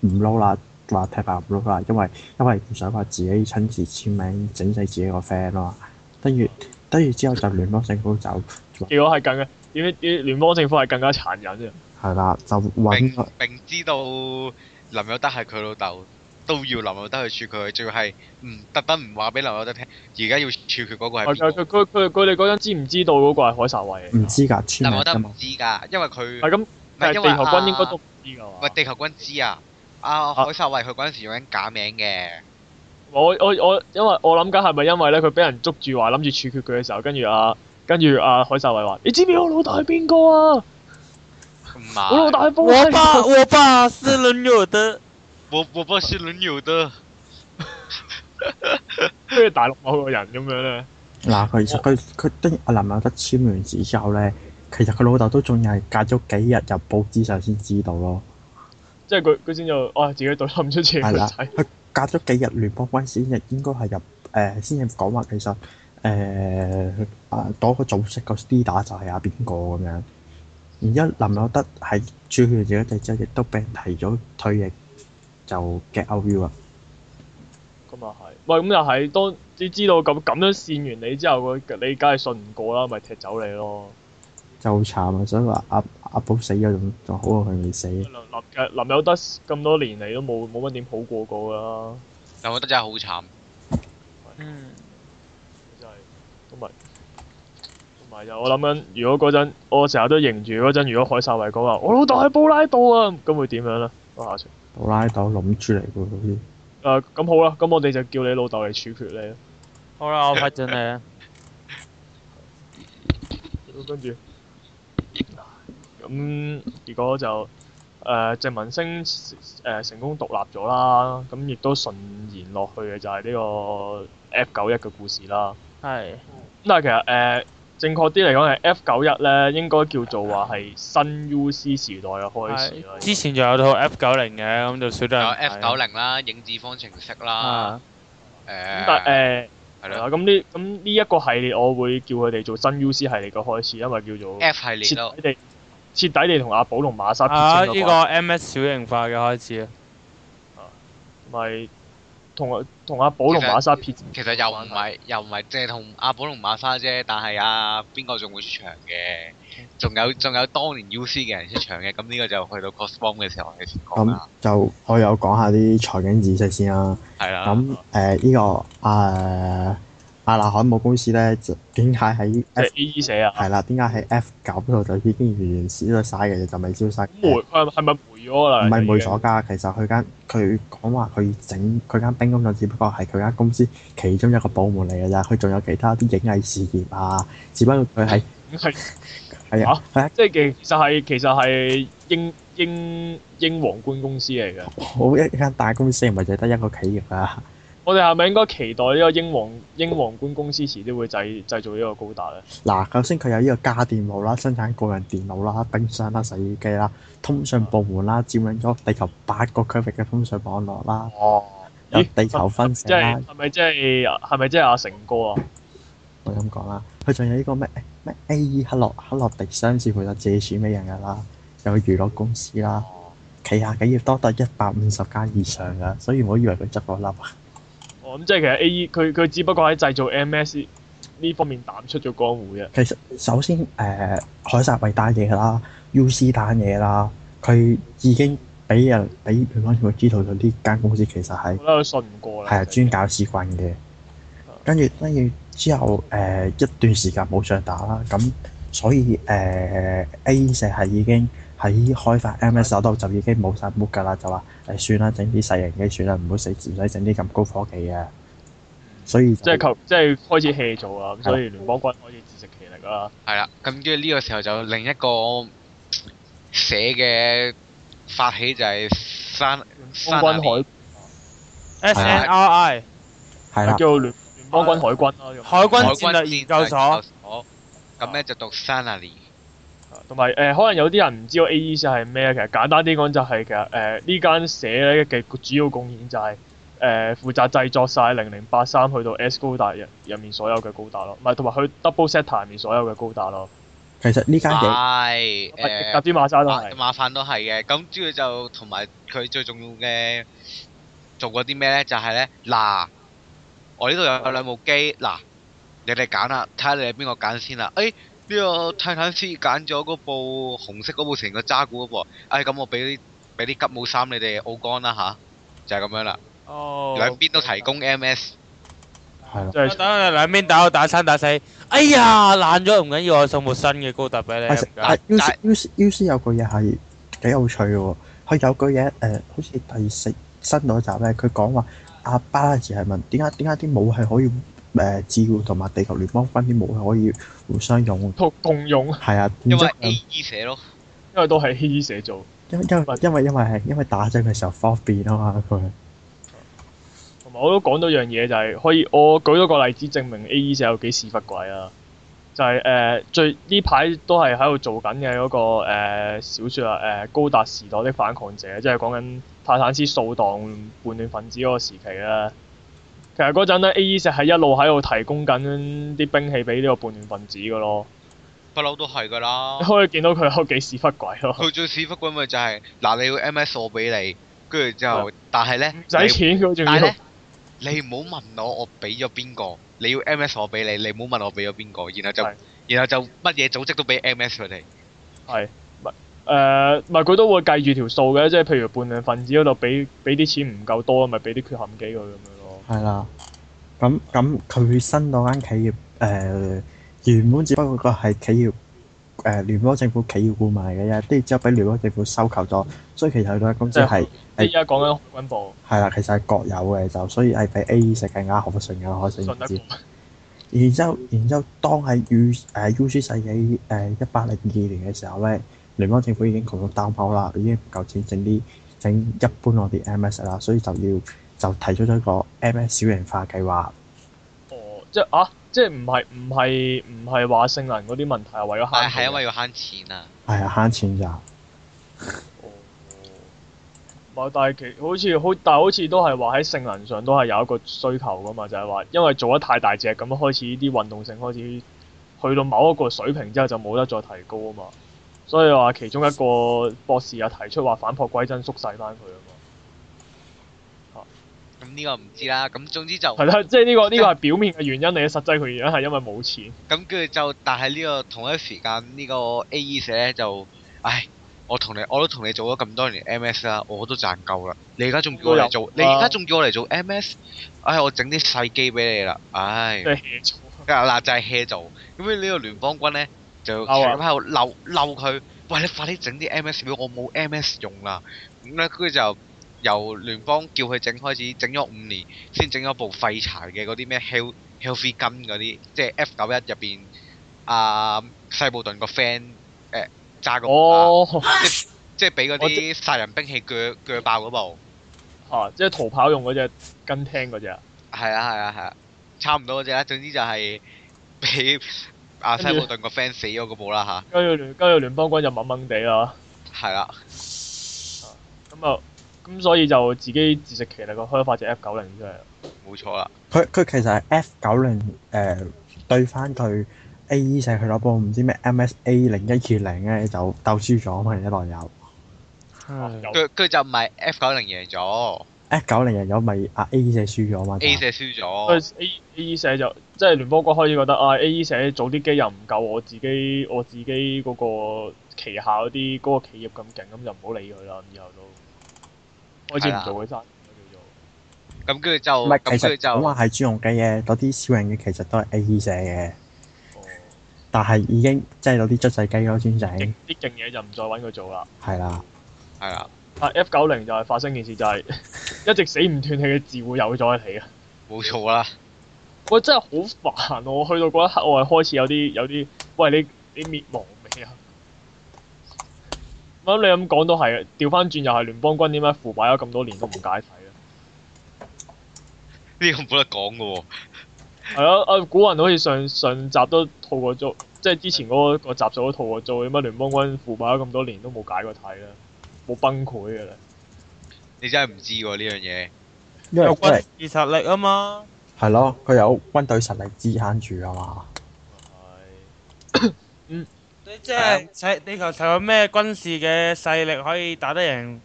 唔撈啦。話踢爆啦，因為因為唔想話自己親自簽名整死自己個 friend 啊嘛，跟住跟住之後就聯邦政府就，走結果係咁嘅。依聯邦政府係更加殘忍啫。係啦，就搵明，明知道林有德係佢老豆，都要林有德去處佢，仲要係唔特登唔話俾林有德聽，而家要處佢嗰個係。佢佢哋嗰陣知唔知道嗰個係海撒衛？唔知噶，林有德唔知噶，因為佢係咁，但係地球軍應該都唔知噶喎。唔、啊、地球軍知啊。啊，啊海世偉佢嗰陣時用緊假名嘅，我我我，因為我諗緊係咪因為咧，佢俾人捉住話諗住處決佢嘅時候，跟住啊，跟住阿、啊、海世偉話，你知唔知我老豆係邊個啊？啊我老豆係我，我爸，我爸是林耀德， (laughs) 我我爸是林耀德，即 (laughs) 係大陸某個人咁樣啦。嗱、啊，其實佢佢跟阿林耀德簽完字之後咧，其實佢老豆都仲要係隔咗幾日入報紙上先知道咯。即係佢佢先就，啊自己諗唔出嚟。係啦，佢隔咗幾日聯邦軍先入，應該係入誒先入講話，其實誒啊嗰個組織個 D 打就係阿邊個咁樣。而家林有德喺處決咗一隻之後，亦都俾人提咗退役，就 get out view 啊！咁啊係，喂咁又係，當你知道咁咁樣扇完你之後，你你梗係信唔過啦，咪踢走你咯。就好慘啊！所以話阿阿寶死咗仲仲好過佢未死。林林誒林有德咁多年嚟都冇冇乜點好過過噶啦。林有德真係好慘。嗯。真係都咪。同埋同埋就我諗緊，如果嗰陣我成日都認住嗰陣，如果海瑟薇講話我老豆係布拉道啊，咁會點樣咧？我下場。布拉道諗住嚟嘅喎，好似。誒咁好啦，咁我哋就叫你老豆嚟處決你。好啦，我派陣你啊。跟住。咁結果就誒，鄭、呃、文星誒、呃，成功獨立咗啦，咁亦都順延落去嘅就係呢個 F 九一嘅故事啦。係的。咁但係其實誒、呃、正確啲嚟講係 F 九一咧，應該叫做話係新 U C 時代嘅開始的。之前就有套 F 九零嘅，咁就算得人。有 F 九零啦，影子方程式啦。誒咁、啊啊嗯、但係誒咁呢咁呢一個系列，我會叫佢哋做新 U C 系列嘅開始，因為叫做 F 系列他們 徹底地同阿寶同馬莎啊！呢、這個 MS 小型化嘅開始，咪同阿同阿寶同馬莎撇。其實又唔係又唔係，淨係同阿寶同馬莎啫。但係啊，邊個仲會出場嘅？仲有仲有當年 U.C. 嘅人出場嘅。咁呢個就去到 cosplay 嘅時候嘅時講啦。咁、嗯、就我有講下啲財經知識先啦。係啦。咁誒呢個啊。嗯呃這個呃阿那、啊、海冇公司咧，F，就點解喺 A E 社啊？係啦，點解喺 F 九嗰度就已經完完全咗晒嘅，就未消失。賠係咪賠咗啦？唔係賠咗㗎，的其實佢間佢講話佢整佢間冰工廠就只不過係佢間公司其中一個部門嚟嘅咋，佢仲有其他啲影藝事業啊，只不過佢喺係係啊，係 (laughs) 的啊，的即係其實係其實係英英英皇冠公司嚟嘅。好 (laughs) 一間大公司唔係淨係得一個企業啊？我哋係咪應該期待呢個英皇英皇冠公司遲啲會製製造呢個高達呢？嗱、啊，首先佢有呢個家電佬啦，生產個人電腦啦、冰箱啦、洗衣機啦、通訊部門啦，佔領咗地球八個區域嘅通訊網絡啦。哦，咦？即係係咪即係啊？咪即係、啊啊啊啊、阿成哥啊？我咁講啦，佢仲有呢個咩咩 A.E. 克洛克洛迪相士佢就借錢畀人噶啦，有娛樂公司啦，旗、哦、下企業、e, 多達一百五十間以上噶，所以唔好以為佢執咗笠。咁即係其實 A E 佢佢只不過喺製造 M S 呢方面淡出咗江湖嘅。其實首先誒、呃，海瑟維打嘢啦，U C 打嘢啦，佢已經俾人俾警方全部知道咗呢間公司其實係，我、嗯、信唔過啦。係啊，專搞屎棍嘅。跟住跟住之後誒、呃，一段時間冇上打啦，咁所以誒、呃、A E 就係已經。喺開發 MS 嗰度就已經冇曬木㗎啦，就話誒算啦，整啲細型機算啦，唔好使唔使整啲咁高科技嘅。所以即係即係開始 hea 做啊，咁所以聯邦軍開始自食其力啦。係啦，咁跟住呢個時候就另一個寫嘅發起就係山軍海 S N R I，係啦，叫聯邦軍海軍啊，海軍戰略研究所。咁咧就讀山阿里。同埋誒，可能有啲人唔知道 A.E. 社係咩嘅，其實簡單啲講就係、是、其實誒呢間社咧嘅主要貢獻就係誒負責製作晒零零八三去到 S 高達入入面所有嘅高達咯，唔係同埋去 Double Setter 入面所有嘅高達咯。其實呢間嘢誒，阿支、哎呃、馬山都係麻煩都係嘅，咁主要就同埋佢最重要嘅做過啲咩咧？就係咧嗱，我呢度有兩部機嗱，你哋揀啦，睇下你係邊個揀先啦，誒、哎。呢個泰坦斯揀咗嗰部紅色嗰部成個渣古嗰部，哎咁我俾啲俾啲吉姆衫你哋傲幹啦吓，就係咁樣啦。兩邊都提供 MS，係咯。等下兩邊打打三打四，哎呀爛咗唔緊要，我送部新嘅高達俾你。U C U C U C，有個嘢係幾有趣嘅喎，佢有個嘢誒，好似第四新嗰集咧，佢講話阿巴拉斯係問點解點解啲武係可以？誒，自護同埋地球聯邦軍啲武器可以互相用，共共用。係啊，因為 A.E. 社咯，因為都係 A.E. 社做。因為因為因為因為打仗嘅時候方便啊嘛佢。同埋我都講到一樣嘢就係、是、可以，我舉咗個例子證明 A.E. 社有幾屎忽鬼啊！就係、是、誒、呃，最呢排都係喺度做緊嘅嗰個、呃、小説啊，誒、呃、高達時代的反抗者，即係講緊泰坦斯掃蕩叛亂分子嗰個時期啦。其實嗰陣咧，A.E 社係一路喺度提供緊啲兵器俾呢個叛亂分子噶咯，不嬲都係噶啦。你可以見到佢有幾屎忽鬼咯。佢做屎忽鬼咪就係，嗱你要 M.S 我俾你，跟住之後，但係咧，使錢佢仲要。你唔好問我我俾咗邊個？你要 M.S 我俾你，你唔好問我俾咗邊個？然後就，然後就乜嘢的組織都俾 M.S 佢哋。係，誒、呃，咪佢都會計住條數嘅，即係譬如叛亂分子嗰度俾俾啲錢唔夠多咪俾啲缺陷機佢咁樣。係啦，咁咁佢新嗰間企業誒、呃、原本只不過個係企業誒、呃、聯邦政府企業顧買嘅啫，跟住之後俾聯邦政府收購咗，所以其實佢嗰間公司係，即係，你而家講緊軍部，係啦，其實係國有嘅就，所以係比 AE 食嘅啱好，順嘅，順得，然之後，然之後當喺 U 誒、呃、UC 世紀誒一八零二年嘅時候咧，聯邦政府已經窮到擔包啦，已經唔夠錢整啲整，整一般我哋 MS 啦，所以就要。就提出咗一個 MS 小型化計劃哦，即係啊，即係唔係唔係唔係話性能嗰啲問題係為咗慳係係因為要慳錢啊。係啊、哎，慳錢咋。哦。但係其好似好，但係好似都係話喺性能上都係有一個需求噶嘛，就係、是、話因為做得太大隻咁開始啲運動性開始去到某一個水平之後就冇得再提高啊嘛。所以話其中一個博士又提出話反璞歸真縮細翻佢啊。呢、嗯這個唔知啦，咁總之就係啦，即係呢個呢、這個係表面嘅原因，你、就是、實際佢原因係因為冇錢。咁跟住就，但係呢個同一時間呢、這個 A、e、社咧就，唉，我同你，我都同你做咗咁多年 MS 啦，我都賺夠啦，你而家仲叫我嚟做，嗯、你而家仲叫我嚟做 MS，唉，我整啲細機俾你啦，唉，架爛仔 hea 做，咁呢呢個聯邦軍咧就成日喺度嬲嬲佢，喂，你快啲整啲 MS 俾我，冇 MS 用啦，咁咧跟住就。由聯邦叫佢整開始，整咗五年先整咗部廢柴嘅嗰啲咩 hel healthy Gun 嗰啲，即係 F 九一入邊啊，西布頓、啊、個 friend 誒揸個即係即係俾嗰啲殺人兵器鋸鋸爆嗰部，嚇、啊、即係逃跑用嗰隻跟聽嗰隻係啊係啊係啊，差唔多嗰隻啦。總之就係俾啊西布頓個 friend 死咗嗰部啦嚇。跟住聯跟住聯邦軍就掹掹地啦，係啦，咁啊。 (laughs) 咁所以就自己自食其力，個開發隻 F 九零出嚟。冇錯啦。佢佢其實係 F 九零誒對翻佢 A、e、社去攞波唔知咩 MSA 零一二零咧就鬥輸咗啊嘛，一浪油。佢佢就唔係 F 九零贏咗。F 九零贏咗咪壓 A、e、社輸咗嘛。A 社輸咗。A e, A e 社就即係聯邦國開始覺得啊 A、e、社早啲機又唔夠，我自己我自己嗰個旗下嗰啲嗰個企業咁勁，咁就唔好理佢啦，以後都。我以前做嘅嘢叫做，咁跟住就，唔係不，其實就。話係專用機嘅，嗰啲小人嘅其實都係 A. E. 寫嘅，哦、但係已經即係攞啲出世雞咯，專仔，啲勁嘢就唔再搵佢做啦。係啦，係啦。啊，F 九零就係發生件事，就是，就 (laughs) 係一直死唔斷氣嘅字會有咗嚟啊！冇錯啦。我、欸、真係好煩，我去到嗰一刻，我係開始有啲有啲，喂，你你滅亡未啊？咁你咁講都係，調翻轉又係聯邦軍點解腐敗咗咁多年都唔解體咧？呢個冇得講噶喎。係、啊、咯，我古文好似上上集都套過咗，即係之前嗰個集數都套過咗，點解聯邦軍腐敗咗咁多年都冇解過體咧？冇崩潰噶啦。你真係唔知喎呢樣嘢，這個、因為,因為軍事實力啊嘛。係咯，佢有軍隊實力支撐住啊嘛。即係地地球有咩軍事嘅勢力可以打得贏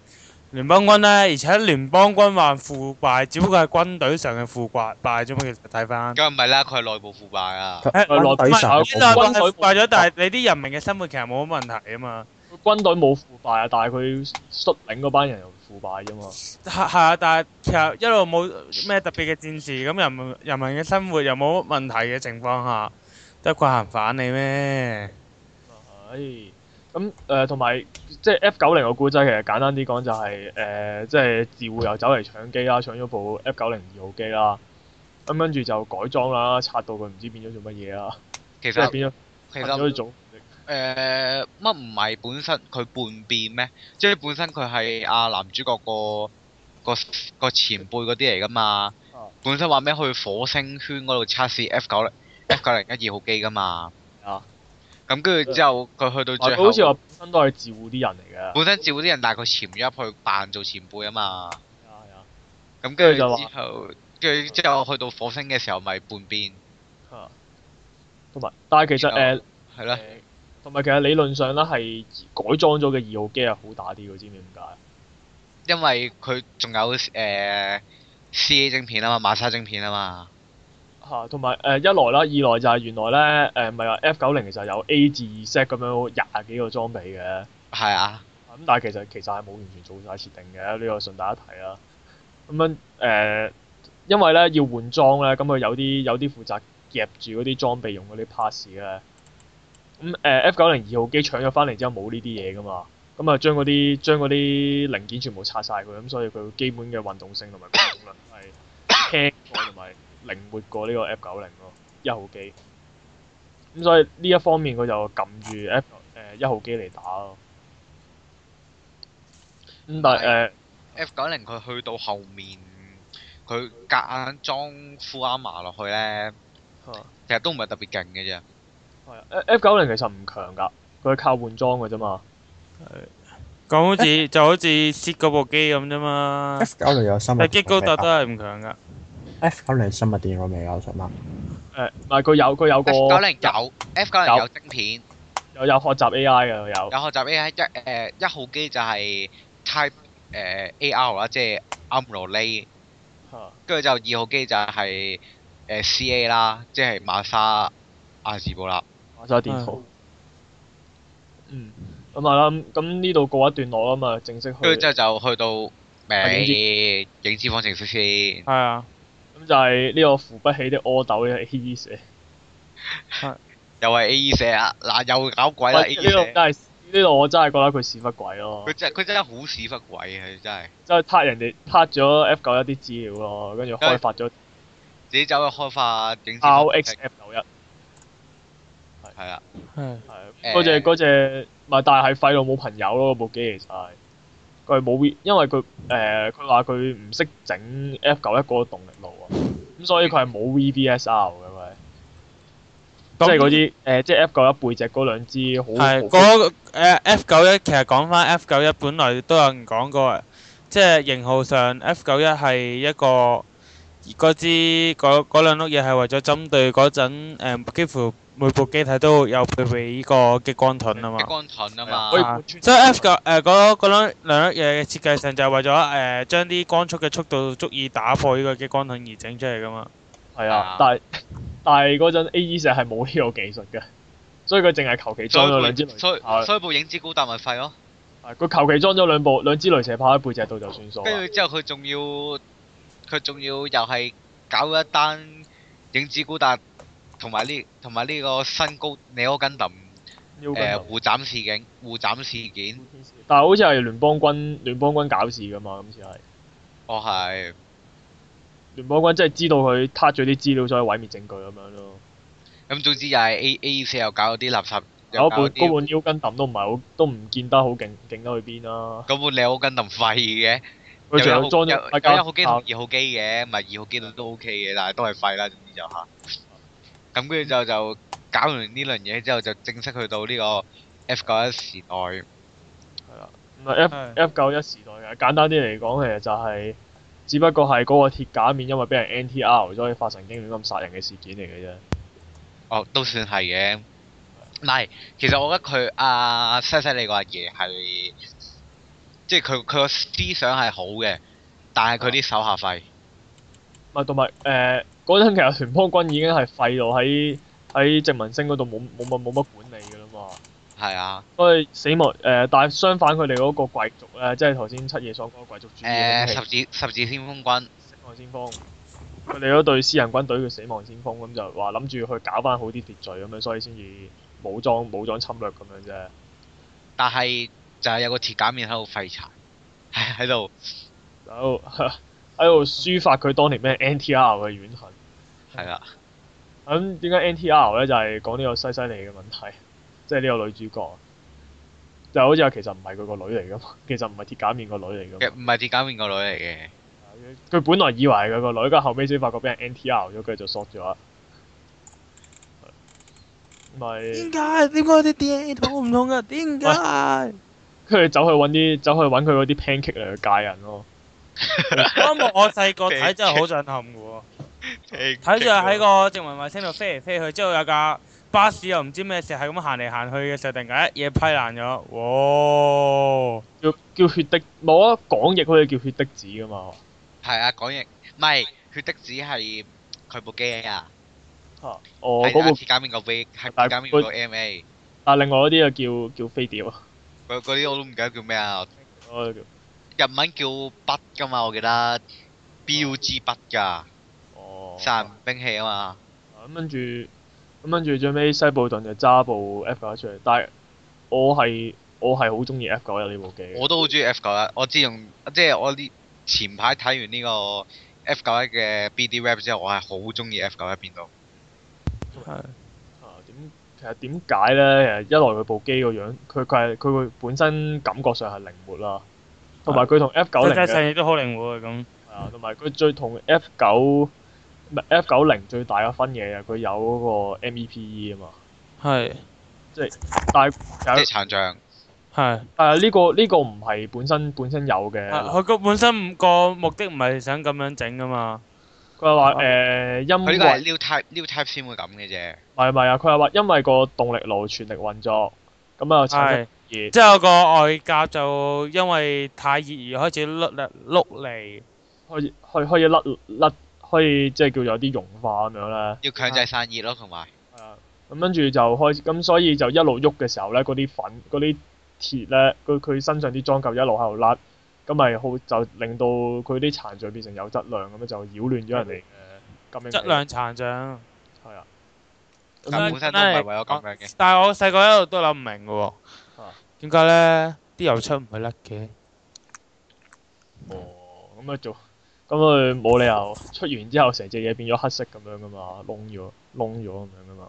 聯邦軍咧？而且聯邦軍還腐敗，只不過係軍隊上嘅腐敗啫嘛。其實睇翻，梗係唔係啦，佢係內部腐敗、欸、內地啊，係內底敗咗，但係你啲人民嘅生活其實冇乜問題啊嘛。軍隊冇腐敗啊，但係佢率領嗰班人又腐敗啫嘛。係啊，但係其實一路冇咩特別嘅戰事。咁人,人民人民嘅生活又冇乜問題嘅情況下，得鬼行反你咩？哎，咁誒同埋即係 F 九零個故仔，其實簡單啲講就係、是、誒、呃，即係自護又走嚟搶機啦，搶咗部 F 九零二號機啦，咁跟住就改裝啦，拆到佢唔知變咗做乜嘢啦。其實係變咗，變咗一種誒乜唔係本身佢叛變咩？即係本身佢係阿男主角個個個前輩嗰啲嚟噶嘛。啊、本身話咩去火星圈嗰度測試 F 九零 (laughs) F 九零一二號機噶嘛。啊！咁跟住之後，佢去到最好似話本身都係照顧啲人嚟嘅。本身照顧啲人，但係佢潛咗入去扮做前輩啊嘛。啊 Yeah, yeah.，係啊、嗯。咁跟住就之話後，跟住、嗯、之後去到火星嘅時候，咪半邊。係同埋，但係其實誒係啦。同埋其實理論上咧係改裝咗嘅二號機係好打啲，知唔知點解？因為佢仲有誒、呃、CA 晶片啊嘛，馬莎晶片啊嘛。嚇，同埋誒一來啦，二來就係原來咧誒，唔係話 F 九零其實有 A 至 Z 咁樣廿幾個裝備嘅。係啊。咁但係其實其實係冇完全做晒設定嘅，呢、呢個順帶一提啦。咁樣誒、呃，因為咧要換裝咧，咁佢有啲有啲負責夾住嗰啲裝備用嗰啲 p a s s 嘅。咁、嗯、誒、呃、F 九零二號機搶咗翻嚟之後冇呢啲嘢噶嘛，咁啊將嗰啲將啲零件全部拆晒佢，咁所以佢基本嘅運動性同埋功能係輕同埋，靈活過呢個 F 九零咯，一號機。咁所以呢一方面佢就撳住 F 誒一號機嚟打咯。咁但係 F 九零佢去到後面，佢夾硬裝 Full Armour 落去咧，其實都唔係特別勁嘅啫。係啊，F F 九零其實唔強噶，佢靠換裝嘅啫嘛。係。講好似就好似 set 嗰部機咁啫嘛。F 九零有三百。但係擊高達都係唔強噶。F 九零新嘅電腦未有？我想誒，唔係佢有佢有個。F 九零有。F 九零有，有晶片。又有學習 A I 嘅有。有學習 A I 一誒一號機就係 Type 誒 A R 啦，即係 Amuro Ray。跟住就二號機就係誒 C A 啦，即係馬莎阿茲布啦。馬莎，莎，莎電腦。嗯，咁係啦，咁呢度過一段落啊嘛，正式去。跟住之後就去到影時影子方程式先。係啊。就係呢個扶不起的阿斗，嘅係 (laughs) A E 社，又係 A E 社啊！嗱，又搞鬼呢度真係呢度我真係覺得佢屎忽鬼咯。佢真佢真係好屎忽鬼啊！真係。真係扒人哋扒咗 F 九一啲資料咯，跟住開發咗自己走去開發整視。R X F 九一係啊，係嗰隻嗰隻，咪但係係廢到冇朋友咯，部機其實係。佢冇 V，因為佢誒佢話佢唔識整 F 九一嗰個動力爐啊，咁所以佢係冇 V B S R 嘅咪，即係嗰啲誒，即係 F 九一背脊嗰兩支好。係嗰誒 F 九一，其實講翻 F 九一，本來都有人講過，即係型號上 F 九一係一個嗰支嗰兩碌嘢係為咗針對嗰陣誒幾乎。每部機體都有配備呢個激光盾啊嘛，激光盾啊嘛，所以 F 個誒嗰兩兩樣嘢嘅設計上就係為咗誒將啲光速嘅速度足以打破呢個激光盾而整出嚟噶嘛。係啊，但係但係嗰陣 A.E. 社係冇呢個技術嘅，所以佢淨係求其裝咗兩支雷。所以所以部影子高達咪廢咯。係，佢求其裝咗兩部兩支雷射炮喺背脊度就算數。跟住之後佢仲要佢仲要又係搞一單影子高達。同埋呢，同埋呢個新高 AM，呃，尼歐根揼誒互斬事件，互斬事件。但係好似係聯邦軍，聯邦軍搞事噶嘛，咁似係。哦，係。聯邦軍即係知道佢撻咗啲資料，所以毀滅證據咁樣咯。咁總之又係 A A 社又搞咗啲垃圾。有一本高本尼歐根揼都唔係好，都唔見得好勁，勁得去邊啦，啊。高本尼歐根揼廢嘅，佢仲有裝有一他號機、二號機嘅，咪二號機都 OK 嘅，但係都係廢啦，總之就嚇。咁跟住就就搞完呢輪嘢之後，就正式去到呢個 F 九一時代。係啦，唔係 F 的 F 九一時代啊！簡單啲嚟講，其實就係、係，只不過係嗰個鐵假面因為俾人 NTR，所以發神經亂咁殺人嘅事件嚟嘅啫。哦，都算係嘅。唔係的，其實我覺得佢阿、呃、西西莉個阿爺係，即係佢佢個思想係好嘅，但係佢啲手下廢、嗯。唔係，同埋誒。呃嗰陣其實聯邦軍已經係廢到喺喺殖民星嗰度冇冇乜冇乜管理噶啦嘛。係是啊。所以死亡誒、呃，但係相反佢哋嗰個貴族咧、呃，即係頭先七夜所講貴族主義。誒、呃、十字十字先鋒軍。死亡先鋒。佢哋嗰隊私人軍隊嘅死亡先鋒，咁就話諗住去搞翻好啲秩序咁樣，所以先至武裝武裝侵略咁樣啫。但係就係有個鐵甲面喺度廢柴，喺度。 (laughs) 喺度抒發佢當年咩 NTR 嘅怨恨，係啊的。咁點解 NTR 咧？就係、是、講呢個西西利嘅問題，即係呢個女主角，就好似話其實唔係佢個女嚟噶嘛，其實唔係鐵假面個女嚟嘅，其實唔係鐵假面個女嚟嘅。佢本來以為係佢個女，但後尾先發覺俾人 NTR 咗，佢就索咗。咪 (laughs) 是？點解？點解啲 DNA 肚唔痛噶？點解 (laughs) 佢哋走去揾啲走去揾佢嗰啲 pancake 嚟去嫁人咯。我細個睇真係好震撼嘅，睇住喺個植物衛星度飛嚟飛去，之後有架巴士又唔知咩事，係咁行嚟行去嘅時候，突然間一嘢批爛咗，哇！叫叫血滴冇啊，港譯可以叫血滴子噶嘛？係啊，港譯唔係血滴子係佢部機啊，哦，係嗰部加邊個 V，係加邊個 MA，但係另外嗰啲又叫叫飛碟啊，嗰嗰啲我都唔記得叫咩啊。日文叫筆噶嘛，我記得，標誌筆噶，殺人、哦、兵器啊嘛。咁、啊、跟住，咁跟住最尾西布頓就揸部 F 九一出嚟，但係我係我係好中意 F 九一呢部機。我都好中意 F 九一，我自從即係我呢前排睇完呢個 F 九一嘅 B D w e b 之後，我係好中意 F 九一邊度。啊，啊點其實點解咧？誒，一來佢部機個樣，佢佢係佢會本身感覺上係靈活啦。同埋佢同 F 九零嘅，大細都好靈活咁。係啊，同埋佢最同 F 九唔係 F 九零最大嘅分野啊！佢有嗰個 MEPE 啊嘛。係。即係，但係有。即係殘障。係。誒呢個呢個唔係本身本身有嘅。佢個本身個目的唔係想咁樣整噶嘛？佢話誒因為佢呢個係 New Type New Type 先會咁嘅啫。唔係唔係啊！佢係話因為個動力爐全力運作，咁啊殘。係。熱即係有個外甲就因為太熱而開始甩嚟甩嚟，可以可以可甩甩，可以,可以即係叫做有啲融化咁樣啦、嗯。要強制散熱咯，同埋。啊！咁跟住就開始咁，所以就一路喐嘅時候咧，嗰啲粉、嗰啲鐵咧，佢佢身上啲裝甲一路喺度甩，咁咪好就令到佢啲殘像變成有質量咁樣，就擾亂咗人哋咁嘅。質量殘像係啊，咁、啊、本身都唔係為咗咁樣嘅是。但係我細個一路都諗唔明嘅。點解呢？啲油出唔係甩嘅？哦，咁咪做，咁佢冇理由出完之後成隻嘢變咗黑色咁樣噶嘛，窿咗窿咗咁樣噶嘛。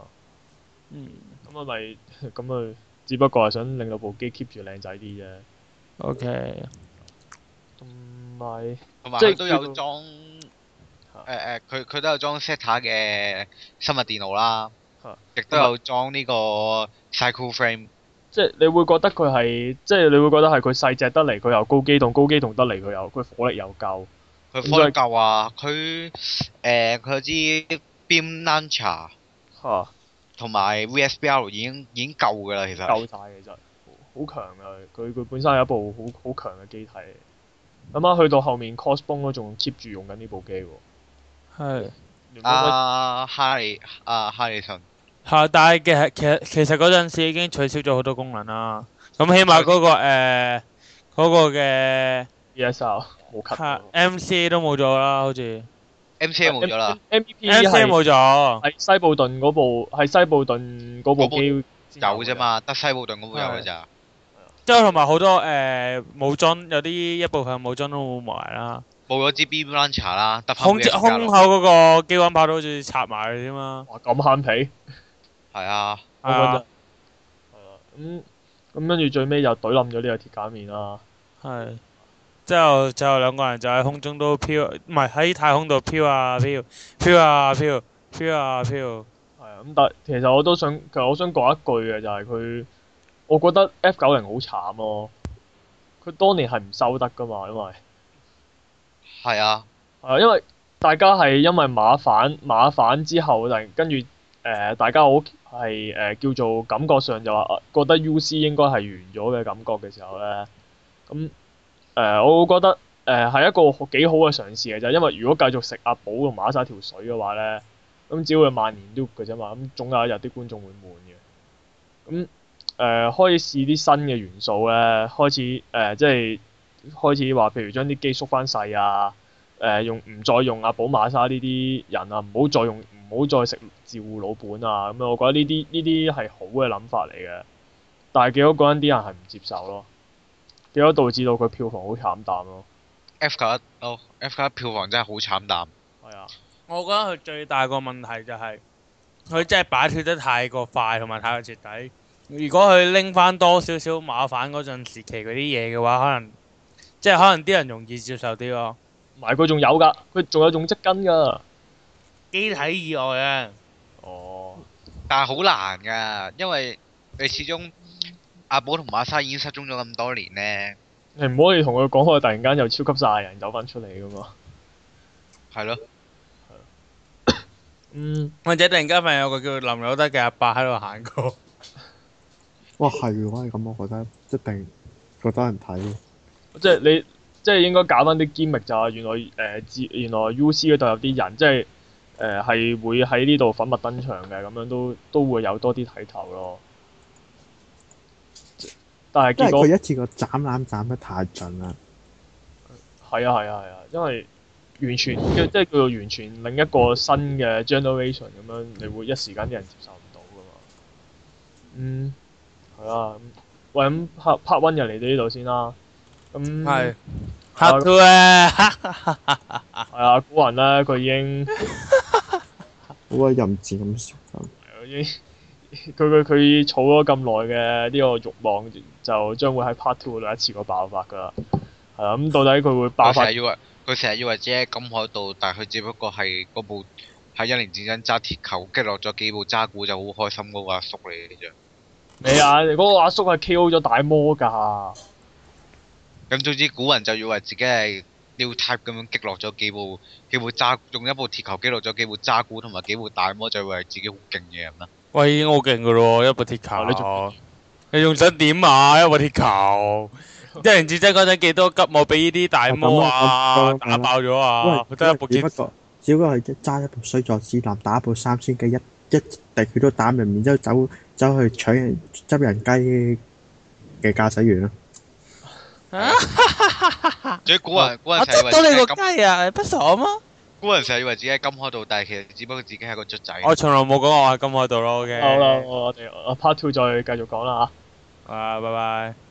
嗯。咁啊咪，咁啊，只不過係想令到部機 keep 住靚仔啲啫。OK。唔係，同埋同埋都有裝，誒誒，佢佢都有裝 set 塔嘅生物電腦啦，亦都有裝呢個 cycle frame。即係你會覺得佢係，即係你會覺得係佢細隻得嚟，佢又高機動，高機動得嚟，佢又佢火力又夠。佢火力夠啊！佢誒佢啲 Beam Launcher 嚇，同埋 VSBL 已經已經夠㗎啦，其實。夠曬其實。好強啊！佢佢本身有一部好好強嘅機體，咁啊去到後面 Cosbone 都仲 keep 住用緊呢部機喎。係。啊，哈利唉來啊，哈利神？啊以吓！但係嘅其實其實嗰陣時已經取消咗好多功能啦。咁起碼嗰個誒，嗰個嘅野獸冇級。M C 都冇咗啦，好似 M C 冇咗啦，M C 冇咗，係西部盾嗰部，係西部盾嗰部機有啫嘛，得西部盾嗰部有噶咋。即係同埋好多誒武裝，有啲一部分武裝都冇埋啦，冇咗支 Beam Launcher 啦，空胸口嗰個機關炮都好似拆埋嘅啫嘛。咁慳皮。係啊，係、 (music) 嗯、啊，係啊、嗯，咁咁跟住最尾就隊冧咗呢個鐵架面啦。係，之後之後兩個人就喺空中都飄，唔係喺太空度飄啊飄，飄啊飄，飄啊飄。係咁，但、啊、其實我都想，其實我想講一句嘅就係、是、佢，我覺得 F 九零好慘咯。佢當年係唔收得噶嘛，因為係是啊，係啊，因為大家係因為馬反馬反之後，就跟住誒、呃、大家好。係誒、呃、叫做感覺上就話覺得 UC 應該係完咗嘅感覺嘅時候咧，咁、嗯、誒、呃、我覺得誒係、呃、一個幾好嘅嘗試嘅就係因為如果繼續食阿寶同馬沙條水嘅話咧，咁、嗯、只都會萬年 loop 嘅啫嘛，咁總有一日啲觀眾會悶嘅。咁誒開始試啲新嘅元素咧，開始誒即係開始話譬如將啲機縮翻細啊，誒、呃、用唔再用阿寶馬沙呢啲人啊，唔好再用。唔好再食自護老本啊！咁、嗯、啊，我覺得呢啲呢啲係好嘅諗法嚟嘅。但係幾多個人啲人係唔接受咯？幾多導致到佢票房好慘淡咯？F 卡哦，F 卡票房真係好慘淡。係啊，我覺得佢最大個問題就係、是、佢真係擺脱得太過快同埋太過徹底。如果佢拎翻多少少麻反嗰陣時期嗰啲嘢嘅話，可能即係、就是、可能啲人容易接受啲咯。唔係佢仲有㗎，佢仲有用積金㗎。機體以外啊，哦，但係好難噶因為你始終阿寶同馬莎已經失蹤咗咁多年呢，你唔可以同佢講開，突然間又超級晒人走翻出嚟噶嘛？係咯的，嗯 (laughs) (coughs) 或者突然間，咪有個叫林有德嘅阿伯喺度行過。 (laughs) 哇，係，我係咁，我覺得一定覺得人睇，即係你即係應該搞翻啲揭密，就話原來誒，原原來 U C 嗰度有啲人即係。誒，係、呃、會喺呢度粉墨登場嘅，咁樣都都會有多啲睇頭咯。但係結果，佢一次個斬覽斬得太準啦。係、嗯、啊，係啊，係啊，啊，因為完全即係叫做完全另一個新嘅 generation 咁樣你會一時間啲人接受唔到噶嘛。嗯，係啊。喂、嗯，咁、嗯嗯嗯、part part one 又嚟到呢度先啦。咁、嗯、係，係 part two 啊，古云咧，佢已經。好鬼任志咁，佢佢佢儲咗咁耐嘅呢個慾望，就將會喺 Part Two 度一次過爆發噶。係啊，咁到底佢會爆發？佢成日以為佢成日以為自己喺金海度，但係佢只不過係嗰部喺一年戰爭揸鐵球擊落咗幾部揸鼓就好開心嗰個阿叔嚟嘅啫。你啊，嗰、嗰個阿叔係 K.O. 咗大魔噶。咁 (laughs) 總之，古人就以為自己係。你會太咁樣擊落咗幾部幾部渣用一部鐵球擊落咗幾部渣古同埋幾部大魔，就係自己好勁嘅人啦。喂，已經好勁㗎喇，一部鐵球。你仲想點啊？一部鐵球，一人至尊嗰陣幾多急我俾呢啲大魔啊，啊，啊，啊，啊打爆咗啊！喂只不過只不過係揸一部水作之男，打一部三星機一一滴佢都打明，然之後走走，走去搶人執人雞嘅駕駛員啦。啊！哈哈哈哈哈！仲有古人，我捉到你個雞呀，古人成日以為自己喺金海度，但係其實只不過自己係個雀仔，okay？我從來冇講我喺金海度咯。好啦，我哋 part two 再繼續講啦吓。啊，拜拜。